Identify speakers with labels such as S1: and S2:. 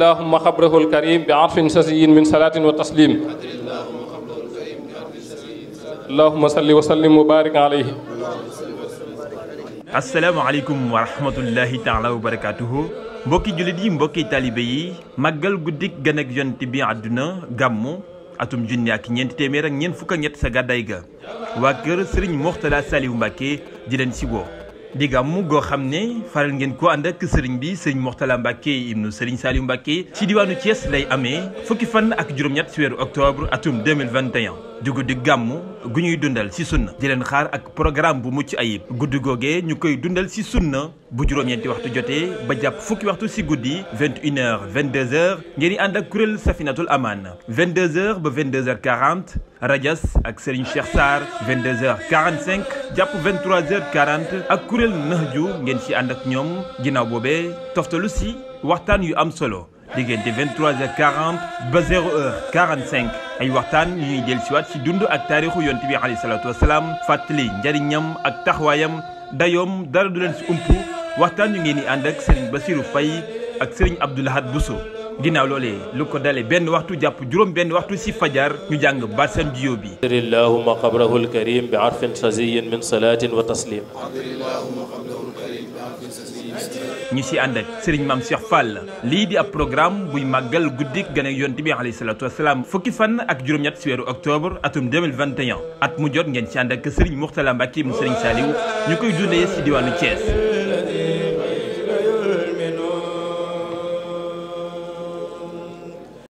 S1: اللهم خبره الكريم بعرف سزي من صلاة وتسليم
S2: اللهم صل وسلم وبارك عليه asalaamaaleykum wa rahmatullahi taala wa barakatuhu mbokki jullit yi mbokki talibe yi màggal guddik gën ak yonent bi àdduna gàmmu atum junni ak ñeenti téeméer ak ñeent fukk ak ñett sa gàddaay ga waa kër Serigne Mourtada Saliou Mbacké di leen si woo di gàmmu goo xam ne faral ngeen ko ànd ak sëriñ bi sëriñ Mourtala Mbacke ibnu sëriñ Saliou Mbacke ci diwaanu cees lay amee fukki fan ak juróom-ñett ci weeru octobre atum 2021 di guddi gàmm gu ñuy dundal ci sunna di leen xaar ak programme bu mucc ayib guddi googee ñu koy dundal ci sunna bu juróom-ñeenti waxtu jotee ba jàpp fukki waxtu ci guddi 21h 22h ngeen di ànd ak kuréel Safinatul Aman 22h ba 22h40 Rajas ak Serigne Cheikh Sarr 22h45 jàpp 23h40 ak kuréel Nahju ngeen ci ànd ak ñoom ginnaaw boobee toftalu ci waxtaan yu am solo. diggante 23h40 ba 0h45 ay waxtaan yu ñuy jël siwaat ci dund ak taarixu yonent bi alayhi salaatu wasalaam fàttali njariñam ak taxawaayam dayoom dara du leen si ump waxtaan yu ngeen di ànd ak Serigne Bassirou Faye ak Serigne Abdou Lahad Bousso ginnaaw loolee lu ko dalee benn waxtu jàpp juróom benn waxtu si fajar ñu jàng barsan jiyo bi allahuma qabrahu alkarim bi arfin saziyin min salatin wa taslim ñu si ànd ak Serigne Mame Cheikh Fall lii di ab programme buy màggal guddi gane yoon bi alayhi salaatu wasalaam fukki fan ak juróom-ñett si weeru octobre atum 2021 at mu jot ngeen ci ànd ak Serigne Mourtala Mbacke mu Serigne Saliou ñu koy dundee si diwaanu Thiès.